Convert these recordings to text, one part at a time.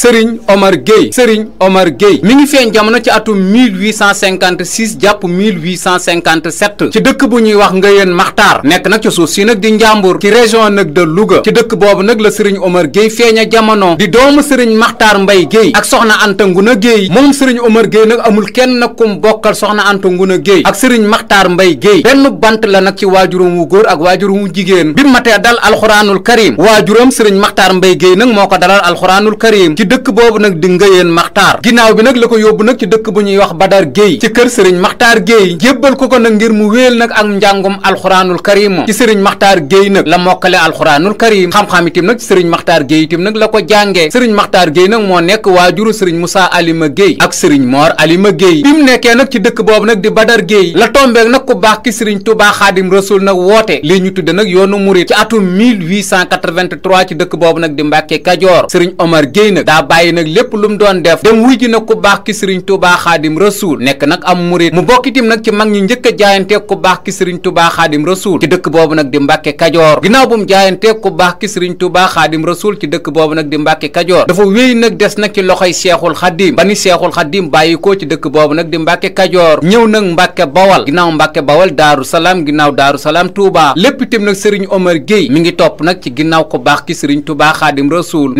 Serigne Omar Gueye Serigne Omar Gueye mi ngi feeñ jamono ci atum 1856 jàpp 1857 ci dëkk bu ñuy wax nga Ngayeen Maxtaar nekk nag ci suuf si nag di Njàmbur ci région nag de Louga ci dëkk boobu nag la Serigne Omar Gueye feeña jamono di doomu Serigne Maxtaar Mbay Gueye ak soxna Anta Nguna Gueye moom Serigne Omar Gueye nag amul kenn nag kum bokkal soxna Anta Nguna Gueye ak Serigne Maxtaar Mbay Gueye benn bant la nag ci waajuram wu góor ak waajuram wu jigéen bi matee dal alxuraanul karim waajuram Serigne Maxtaar Mbay Gueye nag moo ko dalal alxuraanul karim dëkk boobu nag di ngëyeen maxtaar ginnaaw bi nag la ko yóbbu nag ci dëkk bu ñuy wax badar géey ci kër sëriñ maxtaar géey jébbal ko ko nag ngir mu wéel nag ak njàngum alxuraanul karim ci sëriñ maxtaar géey nag la mokkale alxuraanul karim xam-xam itam nag ci sëriñ maxtaar géey itam nag la ko jàngee sëriñ maxtaar géey nag moo nekk waajuru sëriñ Moussa Alima Géey ak sëriñ Mor Alima Géey bi mu nekkee nag ci dëkk boobu nag di badar géey la tombeek nag ku baax ki sëriñ Touba Xaadim Rasul nag woote lii ñu tudde nag yoonu murit ci atum 1883 ci dëkk boobu nag di Mbàkke Kajoor sëriñ Omar Géey daa bàyyi nag lépp lu doon def dem wuy ji nag ku baax ki sëriñ tubaa xaadim rasuul nekk nag am murit mu bokkitim nag ci mag ñi njëkk a jaayantee ku baax ki sëriñ tubaa xaadim rasuul ci dëkk boobu nag di mbàkke kajoor ginnaaw bu mu jaayantee ku baax ki sëriñ tubaa xaadim rasuul ci dëkk nag di mbàkke kajoor dafa wéy nag des nag ci loxoy seexul xadim ba ni seexul xadim bàyyi ko ci dëkk boobu nag di mbàkke kajoor ñëw nag mbàkke bawal ginnaaw mbàkke bawal daaru salaam ginnaaw daaru salaam tuubaa lépp itam nag sëriñ omar géey mi ngi topp nag ci ginnaaw ku ki sëriñ tubaa xaadim rasuul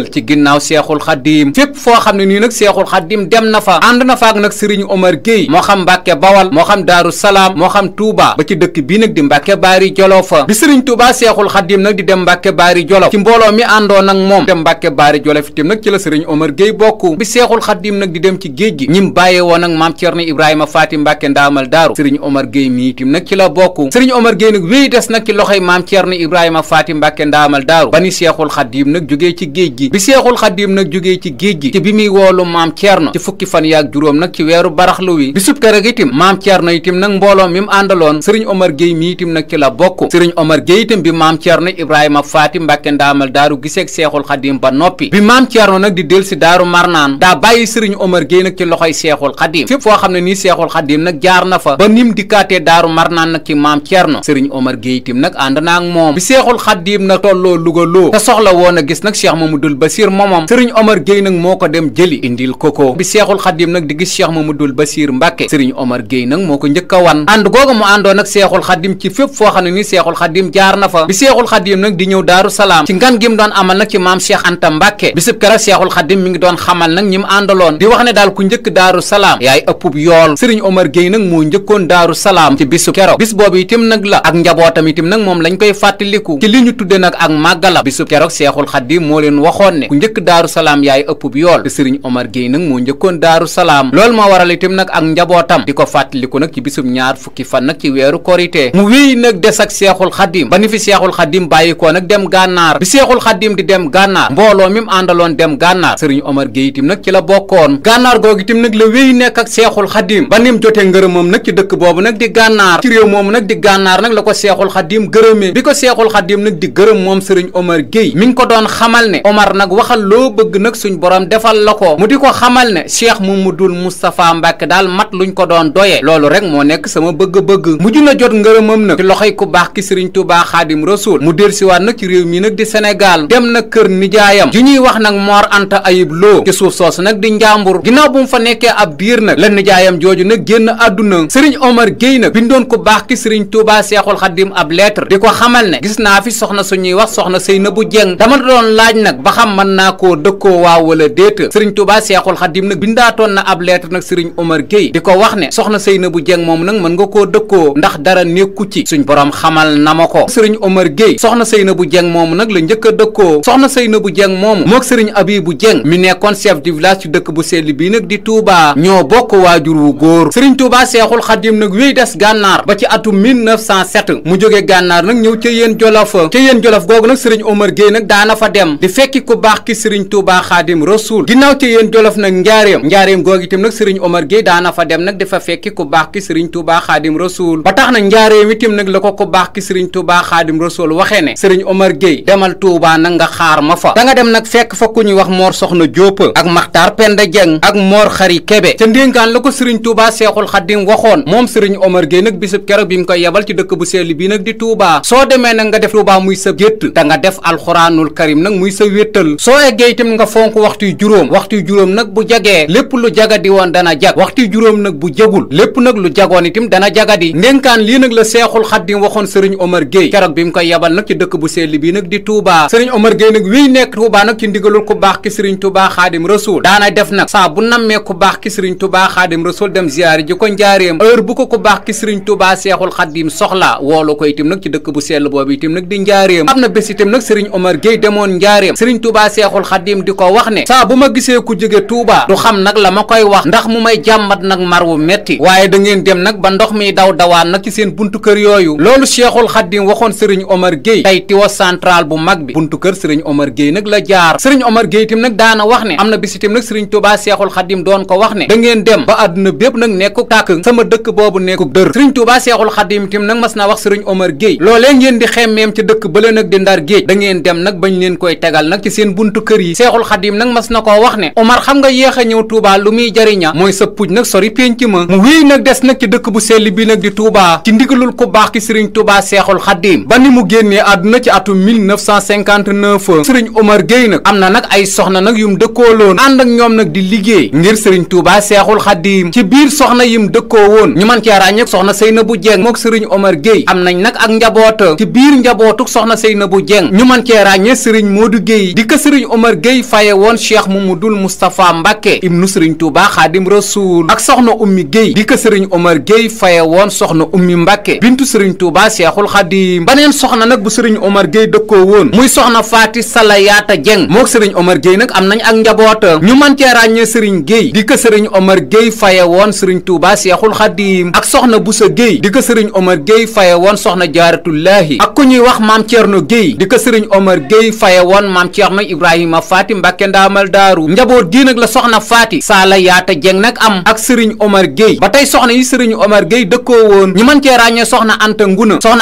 jiital ci ginnaaw seexul xaddiim fépp foo xam ne nii nag seexul xaddiim dem na fa ànd nag sëriñ Omar Gueye moo xam mbàkke bawal moo xam daaru moo xam Touba ba ci dëkk bi nag di mbàkke baari jolo fa bi sëriñ Touba seexul xaddiim nag di dem mbàkke baari jolof ci mbooloo mi àndoon ak moom dem mbàkke baari jolof itam nag ci la sëriñ Omar Gueye bokk bi seexul xaddiim nag di dem ci géej gi ñim bàyyee woon ak maam Cerno Ibrahima Faati Mbàkke ndaamal daaru sëriñ Omar Gueye mi itam nag ci la bokk sëriñ Omar Gueye nag wéy des nag ci loxoy maam Cerno Ibrahima Faati Mbàkke ndaamal daaru ba ni seexul gi bi seexul xaddiim nag jógee ci géej gi ci bi muy woolu maam Thierno ci fukki fan yaag juróom nag ci weeru baraxlu wi bisub keroog itim maam Thierno itim nag mbooloo mi mu àndaloon sëriñ Omar Gueye mi itim nag ci la bokk sëriñ Omar Gueye itam bi maam Thierno Ibrahima Faati Mbàkke ndaamal daaru giseeg seexul xaddiim ba noppi bi maam Thierno nag di del si daaru marnaan daa bàyyi sëriñ Omar Gueye nag ci loxoy seexul xaddiim fépp foo xam ne nii seexul xaddiim nag jaar na fa ba nim dikkaatee daaru marnaan nag ci maam Thierno sëriñ Omar Gueye itim nag ànd naa ak moom bi seexul xaddiim nag tolloo Luga loo te soxla woon a Mamadul Basir moomam sëriñ Omar Gueye nag moo ko dem jëli indil koko bi seexul xadim nag di gis cheikh Mamadul Basir Mbàkke sëriñ Omar Gueye nag moo ko njëkk a wan ànd googa mu àndoon ak seexul xadim ci fépp foo xam ne ni seexul xadim jaar na fa bi seexul xadim nag di ñëw daaru salaam ci ngan gi mu doon amal nag ci maam cheikh Anta Mbàkke bisub keroog seexul xadim mi ngi doon xamal nag ñi mu àndaloon di wax ne daal ku njëkk daaru salaam yaay ëppub yool sëriñ Omar Gueye nag moo njëkkoon daaru salaam ci bisub keroog bis boobu itam nag la ak njabootam itam nag moom lañ koy fàttaliku ci li ñu tudde nag ak màggala bisub keroog seexul xadim moo leen wax kon ne ku njëkk daaru salaam yaay ëpp bi yool te sëriñ Omar Gueye nag moo njëkkoon daaru salaam loolu moo waral itam nag ak njabootam di ko fàttaliku nag ci bisub ñaar fukki fan nag ci weeru korite mu wéy nag des ak seexul xadim ba ni fi seexul xadim bàyyi ko nag dem gànnaar bi seexul xadim di dem gànnaar mbooloo mi àndaloon dem gànnaar sëriñ Omar Gueye itam nag ci la bokkoon gànnaar googu itam nag la wéy nekk ak seexul xadim ba ni mu jotee ngërëmam nag ci dëkk boobu nag di gànnaar ci réew moomu nag gànnaar nag la ko seexul xadim gërëmee bi ko seexul xadim nag di gërëm moom sëriñ Omar Gueye mi ngi ko doon xamal leer nag waxal loo bëgg nag suñ borom defal la ko mu di ko xamal ne cheikh mamadul moustapha mbàkke daal mat luñ ko doon doyee loolu rek moo nekk sama bëgg-bëgg mujj na jot ngërëmam nag ci loxoy ko baax ki sëriñ tubaa xaadim rasul mu delsiwaat nag ci réew mi nag di sénégal dem na kër nijaayam ju ñuy wax nag moor anta ayib loo ci suuf soosu nag di njàmbur ginnaaw bu mu fa nekkee ab biir nag la nijaayam jooju nag génn àdduna sëriñ omar géy nag bindoon ku baax ki sëriñ tubaa seexul xaadim ab lettre di ko xamal ne gis naa fi soxna suñuy wax soxna sëy na bu jeng xam mën naa koo dëkkoo waaw wala déet sëriñ Touba Seexul Xadim nag bindaatoon na ab lettre nag sëriñ Omar Gueye di ko wax ne soxna Seynabou Dieng moom nag mën nga koo dëkkoo ndax dara nekku ci suñ borom xamal na ma ko sëriñ Omar Gueye soxna Seynabou Dieng moomu nag la njëkk a dëkkoo soxna Seynabou Dieng moomu mook sëriñ Abibou Dieng mi nekkoon chef du village ci dëkk bu sell bii nag di Touba ñoo bokk waajur wu góor sëriñ Touba Seexul Xadim nag wéy des gànnaar ba ci atum 1907 mu jógee gànnaar nag ñëw ca yéen Jolof ca Jolof googu nag sëriñ Omar nag daana ku baax ki sëriñ Touba Xaadim Rasuul ginnaaw ci yéen jolof nag njaareem njaareem googu itam nag sëriñ Omar Gueye daana fa dem nag dafa fekk ko baax ki sëriñ Touba Xaadim Rasuul ba tax na njaareem itam nag la ko ko baax ki sëriñ Touba Xaadim Rasuul waxee ne sëriñ Omar Gueye demal Touba nag nga xaar ma fa da nga dem nag fekk fa ku ñuy wax Mor Soxna Diop ak Makhtar Penda Dieng ak Mor Xari Kebe ca ndénkaan la ko sëriñ Touba Seexul Xaadim waxoon moom sëriñ Omar Gueye nag bisub keroog bi mu koy yebal ci dëkk bu sell bi nag di Touba soo demee nag nga def Touba muy sa gétt da nga def alxuraanul karim jiital soo eggee itam nga fonk waxtu yu juróom waxtu yu juróom nag bu jagee lépp lu di woon dana jag waxtu yu juróom nag bu jagul lépp nag lu jagoon itam dana jagadi ndénkaan lii nag la seexul xaddim waxoon sëriñ Omar Gueye keroog bi mu koy yabal nag ci dëkk bu sell bii nag di Touba sëriñ Omar Gueye nag wiy nekk Touba nag ci ndigalul ku baax ki sëriñ Touba xaadim rasul daana def nag saa bu nammee ku baax ki sëriñ Touba xaadim rasul dem ziyaari ji ko njaareem heure bu ko ku baax ki sëriñ Touba seexul xaddim soxla woolu ko nag ci dëkk bu sell boobu itam nag di njaareem am na Touba Seexul Xadim di la ma koy wax ndax mu may jàmbat nag mar wu metti waaye da ngeen dem nag ba ndox mi daw dawaan nag ci seen buntu kër yooyu loolu Seexul Xadim waxoon Serigne Omar Gueye tey tiwa central bu mag bi buntu kër Serigne Omar Gueye nag la jaar Serigne Omar Gueye itam nag daana wax ne am na bis itam nag Serigne Touba Seexul Xadim doon ko wax ne da ngeen dem ba àdduna bépp nag nekku tàkk sama dëkk boobu nekku dër Serigne Touba Seexul Xadim itam nag mas naa wax Serigne Omar Gueye loolee ngeen di xemmeem ci dëkk bële nag di Ndar Géej da ngeen dem nag bañ leen koy tegal nag ci seen buntu kër yi seexul xadim nag mas na ko wax ne omar xam nga yéex a ñëw tuubaa lu muy jariña mooy sa puj nag sori pénc ma mu wéy nag des nag ci dëkk bu sell bi nag di tuubaa ci ndigalul ku baax ki sëriñ tuubaa seexul xadim ba ni mu génnee àdduna ci atum 1959 sëriñ omar géey nag am na nag ay soxna nag yum loon ànd ak ñoom nag di liggéey ngir sëriñ tuubaa seexul xadim ci biir soxna yim dëkkoo woon ñu man cee ràññee soxna Seynabou Dieng mook sëriñ omar géey am nañ nag ak njaboota ci biir soxna Seynabou Dieng ñu man cee ràññee sëriñ ko sëriñ Omar Gueye faye woon cheikh Mamadou Moustapha Mbacke ibnu sëriñ Touba Xaadim Rasoul ak soxna Ummi Gueye bi ko sëriñ Omar Gueye faye woon soxna Ummi Mbacke bintu sëriñ Touba Cheikhul Xaadim baneen soxna nag bu sëriñ Omar Gueye dëkkoo woon muy soxna Faati Salayaata Dieng mook sëriñ Omar Gueye nag am nañ ak njaboota ñu mën cee ràññee sëriñ Gueye di ko sëriñ Omar Gueye faye woon sëriñ Touba Cheikhul Xaadim ak soxna Boussa Gueye di ko sëriñ Omar Gueye faye woon soxna Jaaratullaahi ak ku ñuy wax maam Thierno Gueye di ko sëriñ Omar Gueye faye woon maam Thierno soxna ibrahima faati mbàkke ndaamal daaru njaboot gii nag la soxna faati saala yaata jeng nag am ak sëriñ omar géey ba tey soxna yi sëriñ omar géey dëkkoo woon ñi mën cee ràññee soxna anta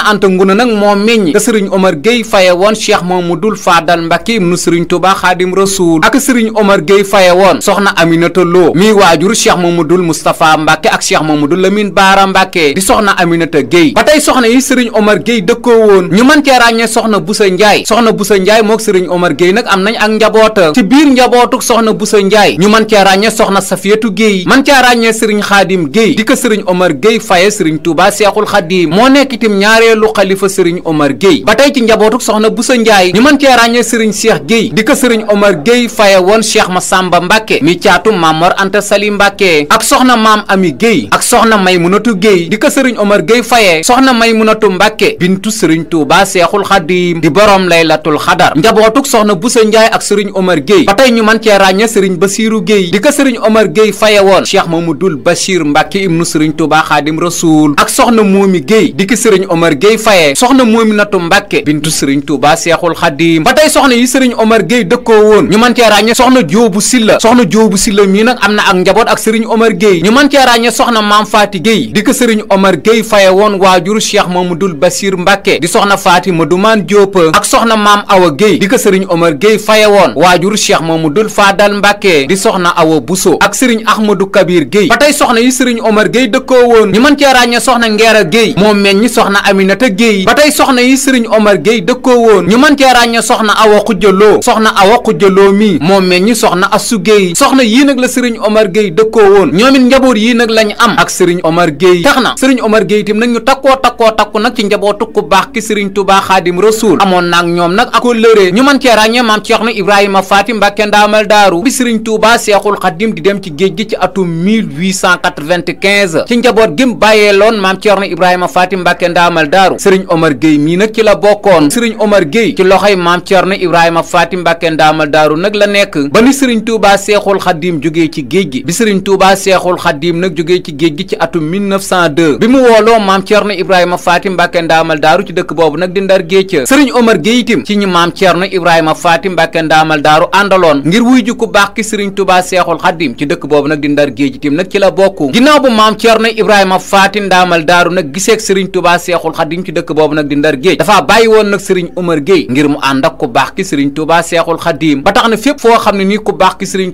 anta nguna nag moo meññ te sëriñ omar géey faye woon cheikh mamadul faadal mbàkke ibnu sëriñ tuba xaadim rasuul ak sëriñ omar géey faye woon soxna aminata loo miy waajur cheikh mamadul mustapha mbàkke ak cheikh mamadul lamin baara mbàkke di soxna aminata géey ba tey soxna yi sëriñ omar géey dëkkoo woon ñu mën cee soxna busa soxna busa njaay sëriñ omar géey nag am nañ ak njaboota ci biir njabootuk soxna Buso Njaay ñu mën caa ràññee soxna Safiyatu Géey man caa ràññee sëriñ Xaadim Géey di ko sëriñ Omar Géey faye sëriñ Touba Seexul Xaadim moo nekk itam ñaareelu xalifa sëriñ Omar Géey ba tey ci njabootuk soxna Buso Njaay ñu man cee ràññee sëriñ Cheikh Géey di ko sëriñ Omar Géey faye woon ma sàmba Mbàkke mi caatu Mamor Anta Sali Mbàkke ak soxna Maam Ami Géey ak soxna Maymunatu Géey di ko sëriñ Omar Géey faye soxna Maymunatu Mbàkke bintu sëriñ Touba Seexul Xaadim di borom laylatul xadar Bousso Ndiaye ak Serigne Omar Gueye ba tey ñu man cee ràññe Serigne Bassirou Gueye di ko Serigne Omar Gueye faye woon Cheikh Mamadou Bachir Mbacke ibnu Serigne Touba Khadim Rasoul ak soxna Momi Gueye di ko faye soxna Momi Natu Mbacke bintu Serigne Touba Cheikhul Khadim ba soxna yi Serigne Omar Gueye dëkkoo woon ñu man cee ràññe soxna Diobou Silla soxna Diobou Silla mii nag am na ak njaboot ak Serigne Omar Gueye ñu man cee ràññe soxna Maam Faati Gueye di ko Serigne Omar Gueye faye woon waajuru Cheikh Mamadou Bachir Mbacke di soxna Faati Madouman Diop ak soxna Maam Awa Gueye fayewoon waajur cheikh Mamadou Fadal Mbàkke di soxna Awa Bousso ak sëriñ Ahmadou Kabir Gueye ba tey soxna yi sëriñ Omar Gueye dëkkoo woon ñu mën cee ràññe soxna Ngeera Gueye moom meññi soxna Aminata Gueye ba tey soxna yi sëriñ Omar Gueye dëkkoo woon ñu mën cee ràññe soxna Awa Xujjaloo soxna Awa Xujjaloo mi moom meññi soxna Assu Gueye soxna yii nag la sëriñ Omar Gueye dëkkoo woon ñoom it njaboot yii nag lañ am ak sëriñ Omar Gueye tax na sëriñ Omar Gueye tim nag ñu takkoo takkoo takku nag ci njabootu ku baax ki sëriñ Tuubaa Xaadim amoon nag ñoom nag ak maam Ceerno Ibrahima Faati Mbàkke ndaamal daaru bi sëriñ Tuubaa Seexul Xadim di dem ci géej gi ci atum 1895 ci njaboot gim bàyyee loon maam Ceerno Ibrahima Faati Mbàkke ndaamal daaru sëriñ Omar Gueye mii nag ci la bokkoon sëriñ Omar Gueye ci loxoy maam Ceerno Ibrahima Faati ba ni sëriñ Tuubaa Seexul Xadim jógee ci géej gi bi sëriñ Tuubaa Seexul Xadim nag jógee ci géej gi ci atum mu wooloo maam Ceerno Ibrahima Faati Mbàkke ndaamal daaru ci dëkk boobu nag di ndar géej sëriñ Omar Gueye ci ñi maam Ceerno Ibrahima Faati Faati Mbàkke ndaamal daaru àndaloon ngir wuy ji ku baax ki sëriñ Tuubaa Seexul Xadim ci dëkk boobu nag di Ndar géej tim nag ci la bokk ginnaaw bu maam Ceerno Ibrahima Faati ndaamal daaru nag giseeg sëriñ Tuubaa Seexul Xadim ci dëkk boobu nag di Ndar géej dafaa bàyyi woon nag sëriñ Umar Géey ngir mu ànd ak ku baax ki sëriñ na fépp foo xam ne nii ku baax ki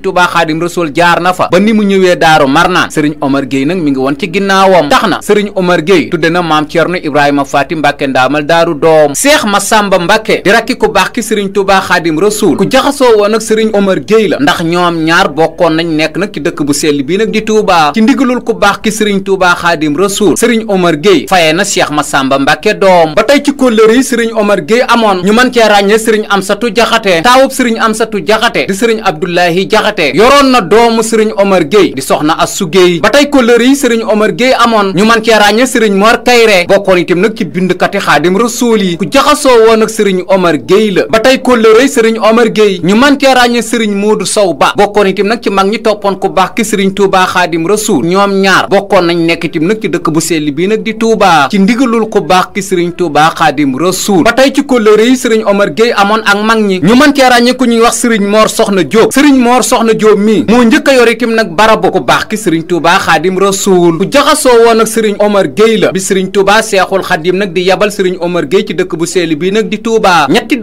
na mu ñëwee daaru Marnaan sëriñ Omar Géey nag mi na sëriñ Omar Géey tudde na maam Ceerno Ibrahima Faati Mbàkke ndaamal daaru doom Seex Masamba Mbàkke di rakki ku baax ki sëriñ Tuubaa Xaadim Xaadim Rasuul ku jaxasoo woon ak Serigne Omar Gueye la ndax ñoom ñaar bokkoon nañ nekk nag ci dëkk bu sell bii nag di Touba ci ndigalul ku baax ki Serigne Touba Xaadim Rasuul Serigne Omar Gueye fayee na Cheikh Massamba Mbacke doom ba tey ci kóllëre yi Serigne Omar Gueye amoon ñu man cee ràññee Serigne Amsatu Jaxate taawub Serigne Amsatu Jaxate di Serigne Abdoulahi Jaxate yoroon na doomu Serigne Omar Gueye di soxna Assu Gueye ba tey kóllëre yi Serigne Omar Gueye amoon ñu mën cee ràññee Serigne Mor Kayre bokkoon itam nag ci bindkati Xaadim Rasuul yi ku jaxasoo woon ak Serigne Omar Gueye la ba tey kóllëre sëriñ Omar Gueye ñu man cee ràññee sëriñ Modou Sow Ba bokkoon itam nag ci mag ñi toppoon ku baax ki sëriñ Touba Xaadim Rasuul ñoom ñaar bokkoon nañ nekk itam nag ci dëkk bu sell bii nag di Touba ci ndigalul ku baax ki sëriñ Touba Xaadim Rasuul ba tey ci kóllëre yi sëriñ Omar Gueye amoon ak mag ñi ñu man cee ràññee ku ñuy wax sëriñ Mor Soxna Diop sëriñ Mor Soxna Diop mii moo njëkk a yor nag barabo ku baax ki sëriñ Touba Xaadim Rasuul ku jaxasoo woon ak sëriñ Omar Gueye la bi sëriñ Touba Seexul Xaadim nag di yabal sëriñ Omar Gueye ci dëkk bu sell bii nag di Touba ñetti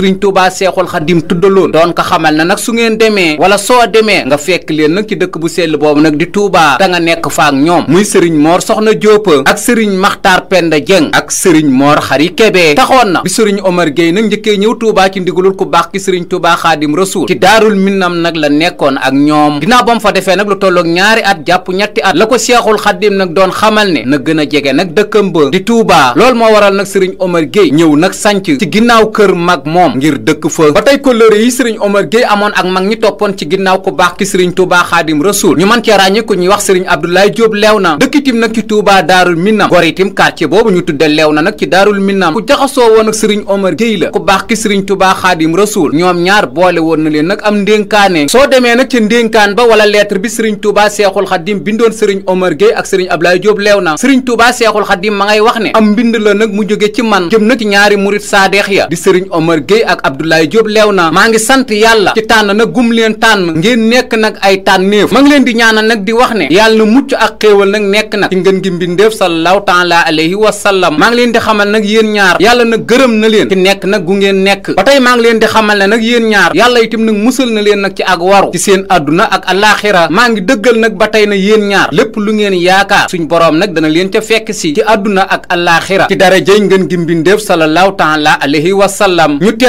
sëriñ Tuubaa Seexul Xadim tuddaloon doon ko xamal na nag su ngeen demee wala soo demee nga fekk leen nag ci dëkk bu sell boobu nag di Tuubaa da nga nekk fa ak ñoom muy sëriñ Moor Soxna Diop ak sëriñ Maxtaar Penda Dieng ak sëriñ Moor Xari Kebe taxoon na bi sëriñ Omar Gueye nag njëkkee ñëw Tuubaa ci ndigalul ku baax ki sëriñ Tuubaa Xaadim Rasuul ci daarul minnam nag la nekkoon ak ñoom ginnaaw ba mu fa defee nag lu tolloog ñaari at jàpp ñetti at la ko Seexul Xadim nag doon xamal ne na a jege nag dëkkam ba di Tuubaa loolu moo waral nag sëriñ Omar Gueye ñëw nag sanc ci ginnaaw kër mag ngir dëkk fa ba tey kóllëre yi sëriñ Omar Gueye amoon ak mag ñi toppoon ci ginnaaw ku baax ki sëriñ Touba Xaadim Rasul ñu mën cee ràññi ku ñuy wax sëriñ Abdoulaye Diop Léona dëkk itim nag ci Touba Daarul Minam gor itim quartier boobu ñu tudde Léona nag ci Daarul Minam ku jaxasoo woon ak sëriñ Omar Gueye la ku baax ki sëriñ Touba Xaadim Rasul ñoom ñaar boole woon na leen nag am ndénkaane soo demee nag ca ndénkaan ba wala lettre bi sëriñ Touba Seexul Xaadim bindoon sëriñ Omar Gueye ak sëriñ Abdoulaye Diop Léona sëriñ Touba Seexul Xaadim ma ngay wax ne am mbind la nag mu jóge ci man jëm na ci ñaari murit saadeex ya di sëriñ Omar Gueye Boy ak Abdoulaye Diop leew na maa ngi sant yàlla ci tànn na gum leen tànn ngeen nekk nag ay tànneef ma ngi leen di ñaanal nag di wax ne yàlla na mucc ak xéewal nag nekk nag ci ngën gi mbindeef sallallahu taala alayhi wa sallam maa ngi leen di xamal nag yéen ñaar yàlla na gërëm na leen ci nekk nag gu ngeen nekk ba tey maa ngi leen di xamal ne nag yéen ñaar yàlla itam nag musal na leen nag ci ak waru ci seen àdduna ak alaxira maa ngi dëggal nag ba tey na yéen ñaar lépp lu ngeen yaakaar suñ boroom nag dana leen ca fekk si ci àdduna ak alaxira ci darajey ngën gi mbindeef sallallahu taala alayhi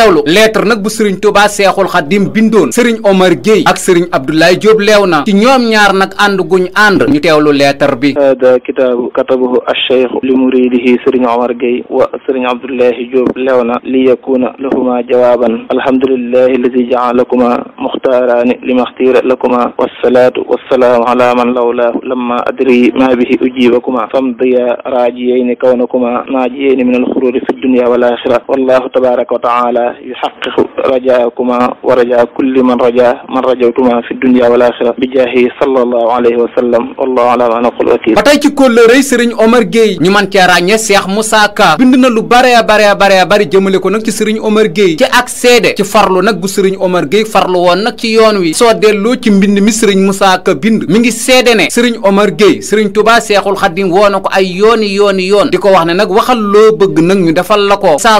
teewlu lettre nag bu sëriñ Touba Seexul Xadim bindoon sëriñ Omar Gueye ak sëriñ Abdoulaye Diop leew na ci ñoom ñaar nag ànd guñ ànd ñu teewlu lettre bi hada kitaabu katabahu acheikh li muridihi sëriñ Omar Gueye wa sëriñ Abdoulaye Diop leew na li yakuna lahuma jawaaban alhamdulillahi alladi jaalakuma muxtaaraani limaxtiira lakuma wassalaatu wassalaamu ala man lawlaahu lamma adri ma bihi ujibakuma famdiya raajiyeyni kawnakuma naajiyeyni min alxururi fi dunya wal axira wallahu tabaraka wa taala taala yuxaqiqu rajaakuma wa rajaa kulli man rajaa man rajawtuma fi dunya wal axira bi jaahi sallallahu alayhi wa ma naqul wakil ba tey ci kóllëre sëriñ Omar Gueye ñu man cee ràññee Cheikh Moussa Ka bind na lu bare bare bare bare jëmale ko nag ci sëriñ Omar Gueye ci ak seede ci farlu nag gu sëriñ Omar Gueye farlu woon nag ci yoon wi soo delloo ci mbind mi sëriñ Moussa Ka bind mi ngi seede ne sëriñ Omar Gueye sëriñ Touba Seexul Xadim woo ko ay yooni yooni yoon di ko ne nag waxal loo bëgg nag ñu defal la ko saa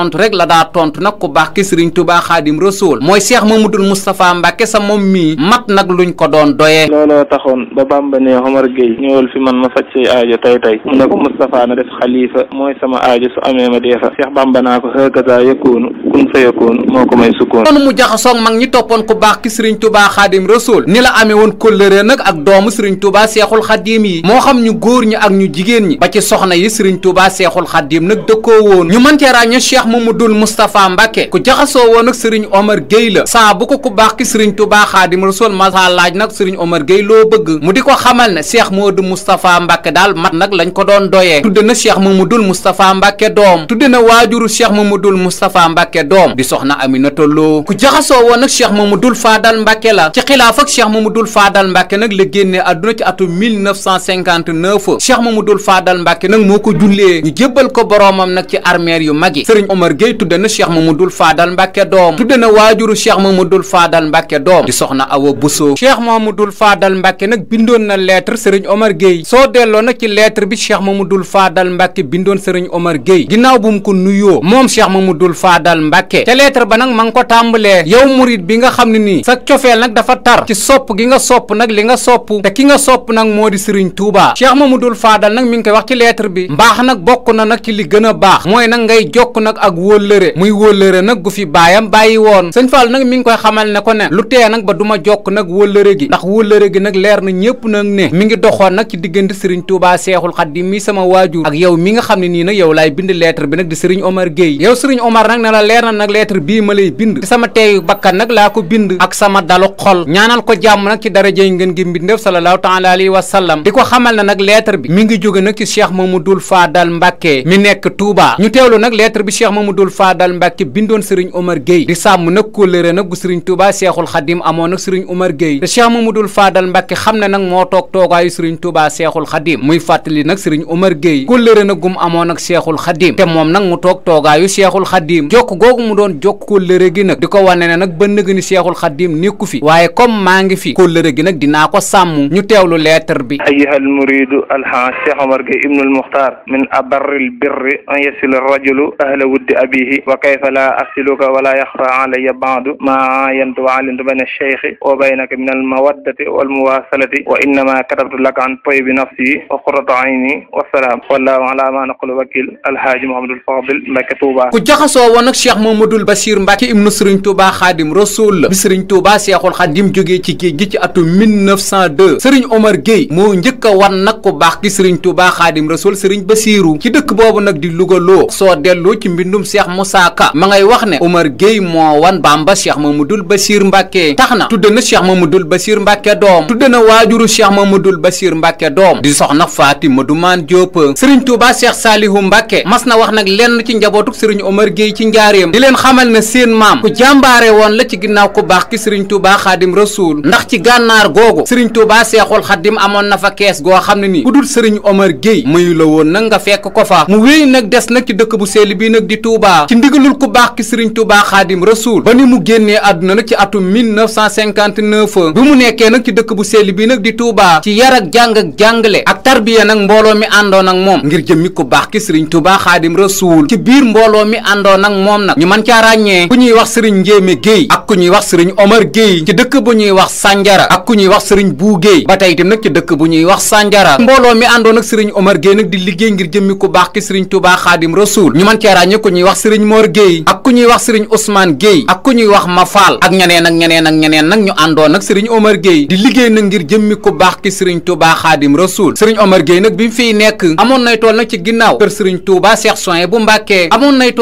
tontu rek la daa tontu nag ku baax ki sëriñ tubaa xaadim rasuul mooy seex mamadul moustapha mbàkke sa moom mii mat nag luñ ko doon doyee looloo taxoon ba bamba ne Omar Gueye ñëwal fi man ma faj say aajo tey tey mu ne ko moustapha na def xalifa mooy sama aajo su amee ma deefa seex bamba naa ko xëkkataa yëkkoonu kun fayakoon moo ko may sukkoon noonu mu jaxasoog mag ñi toppoon ku baax ki sëriñ tubaa xaadim rasool ni la amee woon kóllëre nag ak doomu sëriñ tubaa seexul xaddiim yi moo xam ñu góor ñi ak ñu jigéen ñi ba ci soxna yi sëriñ tubaa seexul xaddiim nag dëkkoo woon ñu mën cee ràññe cheikh mamadul moustapha mbàkke ku jaxasoo woon ak sëriñ omar géy la saa bu ko ku baax ki sëriñ tubaa xaadim rasool masaa laaj nag sëriñ omar géy loo bëgg mu di ko xamal ne cheikh mamadul moustapha mbàkke daal mat nag lañ ko doon doyee tudde na cheikh mamadul moustapha mbàkke doom tudde na waajuru cheikh mamadul moustapha mbàkke Mbàkke doom di soxna Aminata Lo ku jaxasoo woon nag Cheikh Mamadou Fadal Mbàkke la ci xilaaf ak Cheikh Mamadou Fadal Mbàkke nag la génnee àdduna ci atum 1959 Cheikh Mamadou Fadal Mbàkke nag moo ko jullee ñu jébbal ko boroomam nag ci armeer yu mag yi Sëriñ Omar Gueye tudde na Cheikh Mamadou Fadal Mbàkke doom tudde na waajuru Cheikh Mamadou Fadal Mbàkke doom di soxna Awa Bousso Cheikh Mamadou Fadal Mbàkke nag bindoon na lettre Sëriñ Omar Gueye soo delloo nag ci lettre bi Cheikh Mamadou Fadal Mbàkke bindoon Sëriñ Omar Gueye ginnaaw bu mu ko nuyoo moom Cheikh Mamadou Fadal Mbàkke ca lettre ba nag ma ngi ko tàmbalee yow murit bi nga xam ne nii sa cofeel nag dafa tar ci sopp gi nga sopp nag li nga sopp te ki nga sopp nag moo di Sëriñ Tuubaa Cheikh Mamadul Faadal nag mi ngi koy wax ci lettre bi mbaax nag bokk na nag ci li gën a baax mooy nag ngay jokk nag ak wóllëre muy wóllëre nag gu fi baayam bàyyi woon sëñ Fall nag mi ngi koy xamal ne ko ne lu tee nag ba du jokk nag wóllëre gi ndax wóllëre gi nag leer na ñépp nag ne mi ngi doxoon nag ci diggante Sëriñ Tuubaa Seexul Xadiim mi sama waajur ak yow mi nga xam ne nii nag yow laay bind lettre bi nag di Sëriñ Omar Gueye yow Sëriñ Omar nag ne la leer nag lettre bii ma lay bind ci sama teeyu bakkan nag laa ko bind ak sama dalu xol ñaanal ko jàmm nag ci darajey ngeen gi mbindéef sallallahu taala alayhi wa sallam di ko xamal na nag lettre bi mi ngi jóge nag ci cheikh mamadul faadal mbàkke mi nekk Touba ñu teewlu nag lettre bi cheikh dul faadal mbàkke bindoon sëriñ Omar Gueye di sàmm nag kóllëre nag gu sëriñ Touba cheikhul xadim amoon nag sëriñ Omar Gueye ma mu mamadul faadal mbàkke xam ne nag moo toog toogaayu sëriñ Touba cheikhul xadim muy fàttali nag sëriñ Omar Gueye kóllëre nag gum amoon nag cheikhul xadim moom nag mu toog toogaayu cheikhul xadim googu mu doon jokk kóllëre gi nag di ko wane ne nag ba nëg ni seexul xaddim nekku fi waaye comme maa ngi fi kóllëre gi nag dinaa ko sàmm ñu teewlu lettre bi ayyuha al muridu alxaaj Cheikh Omar Gueye ibnu al muxtaar min abarril birri an yasila rajulu ahla wuddi abihi wa kayfa laa asiluka wala yaxfa alaya baadu maa yantu alintu bayna cheikhi wa baynaka min al mawaddati wal muwasalati wa innama katabtu laka an taybi nafsi wa qurratu ayni wa salaam wallahu ala ma naqulu wakil alxaaji Mouhamadul Fadil Mbacke Touba ku jaxasoo woon nag Cheikh Mamadul Bachir Mbacke ibnu Serigne Touba Xaadim Rasul la bi Serigne Touba Seexul Xaadim jógee ci géej gi ci atum 1902 Serigne Omar Gueye moo njëkk a wan nag ku baax ki Serigne Touba Xaadim Rasul Serigne Basiiru ci dëkk boobu nag di lugaloo soo delloo ci mbindum Cheikh Moussa Ka ma ngay wax ne Omar Gueye moo wan ba ma mu dul Bachir Mbacke tax na tudde na mu dul Bachir Mbacke doom tudde na waajuru ma Cheikh dul Bachir Mbacke doom di soxna Fatima Dumaan Diop Serigne Touba Cheikh Salihu Mbacke mas na wax nag lenn ci njabootuk Serigne Omar ci njaareem di leen xamal na seen maam ku jàmbaare woon la ci ginnaaw ku baax ki sëriñ Tuubaa xaadim rasuul ndax ci gànnaar googu sëriñ Tuubaa seexul xaadim amoon na fa kees goo xam ne nii ku dul sëriñ Omar Gueye mayu la woon nag nga fekk ko fa mu wéy nag des nag ci dëkk bu sell bii nag di Tuubaa ci ndigalul ku baax ki sëriñ Tuubaa xaadim rasuul ba ni mu génnee àdduna nag ci atum 1959 bi mu nekkee nag ci dëkk bu sell bii nag di Tuubaa ci yar ak jàng ak jàngale ak tarbiya nag mbooloo mi àndoon ak moom ngir jëmmi ku baax ki sëriñ Tuubaa xaadim rasuul ci biir mbooloo mi àndoon ak moom ñu man caa ràññee ku ñuy wax sëriñ Njéeme Géey ak ku ñuy wax sëriñ Omar Géey ci dëkk bu ñuy wax Sanjara ak ku ñuy wax sëriñ Buu Géey ba tey itam nag ci dëkk bu ñuy wax Sanjara mbooloo mi àndoon ak sëriñ Omar Géey nag di liggéey ngir jëmmi ku baax ki sëriñ Tuubaa Xaadim Rasuul ñu man caa ràññee ku ñuy wax sëriñ Mor Géey ak ku ñuy wax sëriñ Ousmane Géey ak ku ñuy wax Mafal ak ñeneen ak ñeneen ak ñeneen nag ñu àndoon ak sëriñ Omar Géey di liggéey nag ngir jëmmi ku baax ki sëriñ Tuubaa Xaadim Rasuul sëriñ Omar Géey nag bi mu nekk amoon nay tool nag ci ginnaaw kër sëriñ Tuubaa Seex Sohaybu bu Mbàkke amoon nay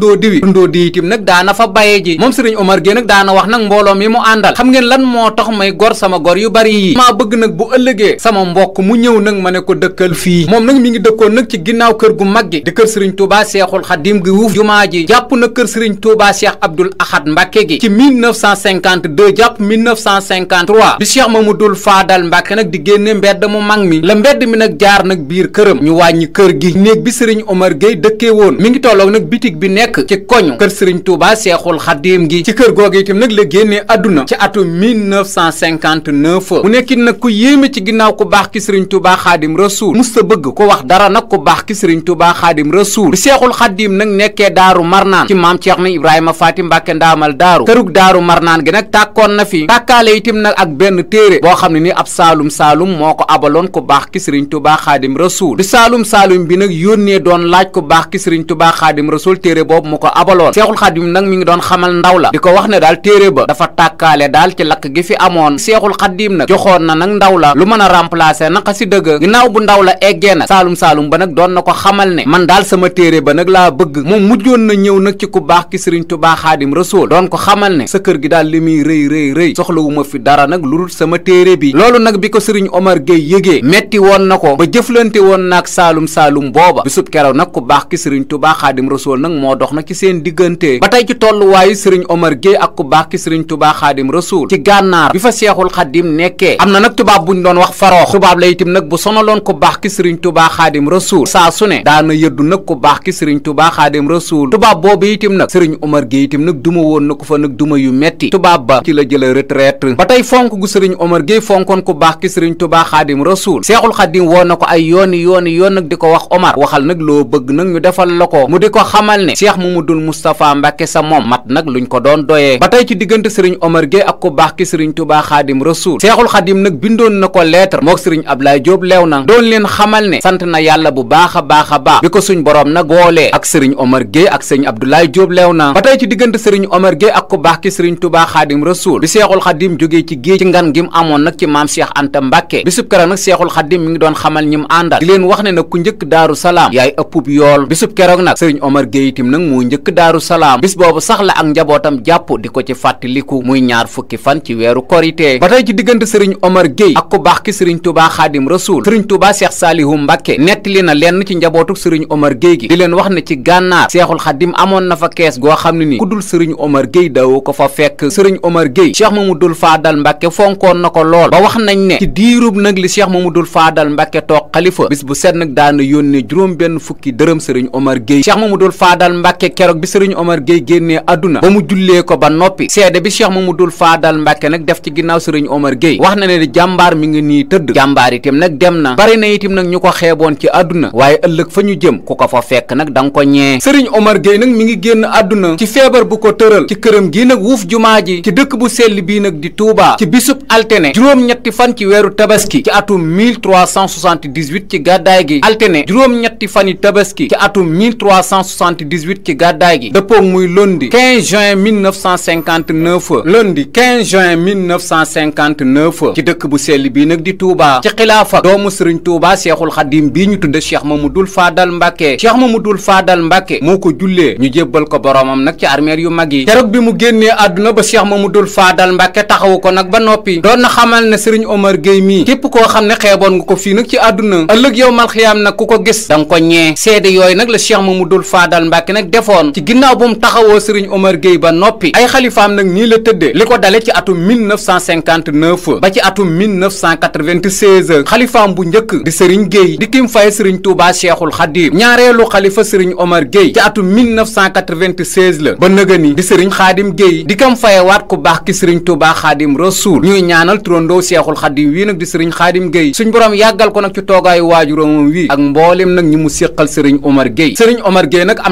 tundóo diwi tundóo di itim nag daana fa baye ji moom sëriñ Omar Gueye nag daana wax nag mbooloo mi mu àndal xam ngeen lan moo tax may gor sama gor yu bari yi maa bëgg nag bu ëllëgee sama mbokk mu ñëw nag ma ne ko dëkkal fii moom nag mi ngi dëkkoon nag ci ginnaaw kër gu mag gi di kër sëriñ Touba Seexul Xadim gi wuuf jumaa ji jàpp na kër sëriñ Touba Cheikh Abdoul Ahad Mbacke gi ci 1952 jàpp 1953 bi Cheikh Mamadou Fadal Mbacke nag di génne mbedd mu mag mi la mbedd mi nag jaar nag biir këram ñu wàññi kër gi néeg sëriñ Omar Gueye dëkkee woon mi ngi tolloog nag bitig bi nekk nekk ci koñu kër sëriñ Touba Seexul Xadiim gi ci kër googu itam nag la génnee àdduna ci atum 1959 mu nekkit nag ku yéeme ci ginnaaw ku baax ki sëriñ Touba Xaadim Rasuul musta bëgg ko wax dara nag ku baax ki sëriñ Touba Xaadim Rasuul bi Seexul Xadiim nag nekkee Daaru Marnaan ci maam Ceerno Ibrahima Faati Mbàkke ndaamal daaru kërug Daaru Marnaan gi nag tàkkoon na fi tàkkaale itam nag ak benn téere boo xam ne ni ab saalum saalum moo ko abaloon ku baax ki sëriñ Touba Xaadim Rasuul bi saalum saalum bi nag yónnee doon laaj ku baax ki sëriñ boobu mu ko abaloon seexul xadim nag mi ngi doon xamal ndaw la di ko wax ne daal téere ba dafa tàkkaale daal ci lakk gi fi amoon seexul xadim nag joxoon na nag ndaw la lu mën a remplacer nag xasida ga ginnaaw bu ndaw la eggee nag saalum-saalum ba nag doon na ko xamal ne man daal sama téere ba nag laa bëgg moom mujjoon na ñëw nag ci ku baax ki sëriñ tubaa xaadim rasool doon ko xamal sa kër gi daal li rëy rëy rëy fi dara nag lu sama téere bi loolu nag bi ko sëriñ Omar Gueye yëgee metti woon na ba jëflante woon naag saalum-saalum booba bisub keroog nag ku baax ki sëriñ tubaa dox na ci seen diggante ba tey ci tolluwaayu sëriñ Omar Gueye ak ku baax ki sëriñ Touba Xaadim Rasuul ci gànnaar bi fa seexul xadim nekkee am na nag tubaab buñ doon wax faroox tubaab la itam nag bu sonaloon ku baax ki sëriñ Touba Xaadim Rasuul saa su ne daana yëddu nag ku baax ki sëriñ Touba Xaadim Rasuul tubaab boobu itam nag sëriñ Omar Gueye itam nag duma woon na ko fa nag duma yu metti tubaab ba ci la jëla retraite ba tey fonk gu sëriñ Omar Gueye fonkoon ku baax ki sëriñ Touba Xaadim Rasuul seexul xadim woo na ko ay yooni yooni yoon nag di ko wax Omar waxal nag loo bëgg nag ñu defal la ko mu di ko xamal ne Cheikh Mamadou Moustapha Mbacke sa moom mat nag luñ ko doon doyee ba tey ci diggante sëriñ Omar Gueye ak ku baax ki sëriñ Touba Xaadim Rasul Seexul Xaadim nag bindoon na ko lettre mook sëriñ Ablaye Diop leew na doon leen xamal ne sant na yàlla bu baax a baax a baax bi ko suñ boroom nag woolee ak sëriñ Omar Gueye ak sëriñ Abdoulaye Diop leew na ba tey ci diggante sëriñ Omar Gueye ak baax ki sëriñ Touba Xaadim Rasul bi Seexul Xaadim jógee ci géej ci ngan gi mu amoon nag ci maam Cheikh Anta Mbacke bisub keroog nag Seexul Xaadim mi ngi doon xamal ñi mu àndal di leen wax ne nag ku njëkk Daaru Salaam yaay ëppub yool bisub keroog nag sëriñ Omar Gueye itam nag moo njëkk daaru salaam bis boobu sax la ak njabootam jàpp di ko ci fàttaliku muy ñaar fukki fan ci weeru korite ba tey ci diggante sëriñ Omar Gueye ak ku baax ki sëriñ Touba Xaadim Rasuul sëriñ Touba Seex Saalihu Mbàkke nettali na lenn ci njabootuk sëriñ Omar Gueye gi di leen wax ne ci gànnaar seexul xadim amoon na fa kees goo xam ne ni ku dul sëriñ Omar Gueye daawoo ko fa fekk sëriñ Omar Gueye mu dul Faadal Mbàkke fonkoon na ko lool ba wax nañ ne ci diirub nag li Cheikh Mamadul Faadal Mbàkke toog xalifa bis bu set nag daana yónnee juróom benn fukki dërëm sëriñ Omar Gueye mbàkke keroog bi sëriñ omar géey génnee àdduna ba mu jullee ko ba noppi seede bi cheikh mamadul faadal mbàkke nag def ci ginnaaw sëriñ omar géey wax na ne di jàmbaar mi ngi nii tëdd jàmbaar itam nag dem na bari na nag ñu ko xeeboon ci àdduna waaye ëllëg fa ñu jëm ku ko fa fekk nag da nga ko ñee sëriñ omar géey nag mi ngi génn àdduna ci feebar bu ko tëral ci këram gii nag wuuf jumaa ji ci dëkk bu sell bii nag di tuubaa ci bisub altene juróom-ñetti fan ci weeru tabaski ci atum 1378 ci gàddaay gi altene juróom-ñetti fani tabaski ci atum 1378 ci gàddaay gi dëppoog muy lundi 15 juin 1959 lundi 15 juin 1959 ci dëkk bu sell bii nag di Touba ci xilaafa doomu Serigne Touba Cheikhul Khadim bii ñu ma mu dul Cheikh Mamadou Fadal Mbacke Cheikh Mamadou faadal Mbacke moo ko jullee ñu jébbal ko boromam nag ci armeer yu mag yi keroog bi mu génnee àdduna ba ma Cheikh Mamadou faadal Mbacke taxawu ko nag ba noppi doon na xamal ne Serigne Omar Gueye mii képp koo xam ne xeeboon nga ko fii nag ci àdduna ëllëg yow mal xiyaam nag ku ko gis da nga ko defoon ci ginnaaw bu mu taxawoo Serigne Omar Gueye ba noppi ay xalifaam nag nii la tëddee li ko dale ci atum 1959 ba ci atum 1996 xalifaam bu njëkk di Serigne Gueye di kim fay Serigne Touba Cheikhul Khadim ñaareelu xalifa Serigne Omar Gueye ci atum 1996 la ba nëgëni di Serigne Khadim Gueye di kam fayewaat ku baax ki Serigne Touba Khadim Rasoul ñuy ñaanal turandoo Cheikhul Khadim wii nag di Serigne Khadim Gueye suñ borom yàggal ko nag ci toogaayu waajuram wii ak mboolem nag ñi mu séqal Serigne Omar Gueye Serigne Omar Gueye nag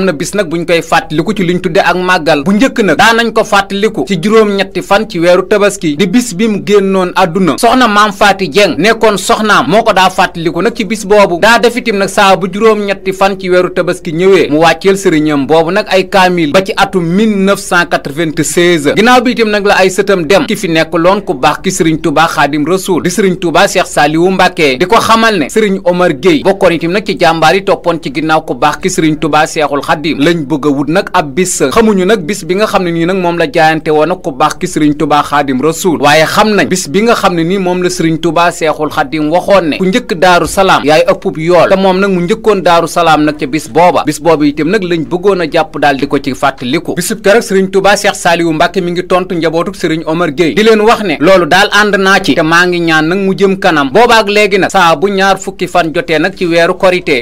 nag buñ koy fàttaliku ci luñ tudde ak màggal bu njëkk nag daanañ ko fàttaliku ci juróom-ñetti fan ci weeru tabaski di bis bi mu génnoon àdduna soxna maam faati jeng nekkoon soxnaam moo ko daa fàttaliku nag ci bis boobu daa defitim nag saa bu juróom-ñetti fan ci weeru tabaski ñëwee mu wàcceel sëriñam boobu nag ay kaamil ba ci atum 1996 ginnaaw bi itam nag la ay sëtam dem ki fi nekk loon ku baax ki sëriñ tubaa xaadim rasuul di sëriñ tubaa cheikh saaliwu mbàkke di ko xamal ne sëriñ omar géey bokkoon itam nag ci jàmbaar yi toppoon ci ginnaaw ku baax ki sëriñ tubaa seexul xaadim lañ bëgg a wut nag ab bis xamuñu nag bis bi nga xam ne nii nag moom la jaayante woon nag ku baax ki sëriñ tubaa xaadim rasul waaye xam nañ bis bi nga xam ne nii moom la sëriñ tubaa seexul xaadim waxoon ne ku njëkk daaru salaam yaay ëppub yool te moom nag mu njëkkoon daaru nag ca bis booba bis booba itam nag lañ bëggoon a jàpp daal ko ci fàttaliku bisub keroog sëriñ tubaa seex saaliwu mbàkke mi ngi tontu njabootuk sëriñ omar géey di leen wax ne loolu daal ànd naa ci te maa ngi ñaan nag mu jëm kanam boobaak léegi nag saa bu ñaar fukki fan jotee nag ci weeru korité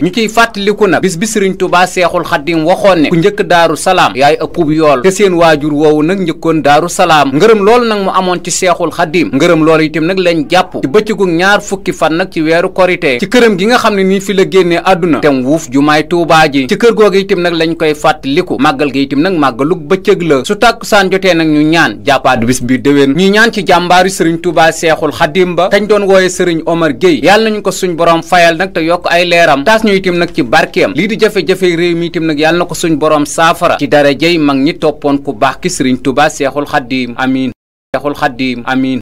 xam ne ku njëkk daaru salaam yaay ëppub yool te seen waajur woowu nag njëkkoon daaru salaam ngërëm loolu nag mu amoon ci seexul xadim ngërëm loolu itam nag lañ jàpp ci bëccëgu ñaar fukki fan nag ci weeru korite ci këram gi nga xam ne nii fi la génnee àdduna tem wuuf jumaay tuubaa ji ci kër googu itam nag lañ koy fàttaliku màggal gi itam nag màggalug bëccëg la su tàkkusaan jotee nag ñu ñaan jàppaadu bis bi déwén ñuy ñaan ci jàmbaari sëriñ tuubaa seexul xadim ba kañ doon wooye sëriñ omar géy yàlla nañu ko suñ borom fayal nag te yokk ay leeram taas ñu nag ci barkeem lii di jafe-jafe mi itam nag yàlla suñ boroom saafara dara darajey mag ñi toppoon ku baax ki sëriñ Tuubaa Seexul Xaddiim amiin Seexul Xaddiim amiin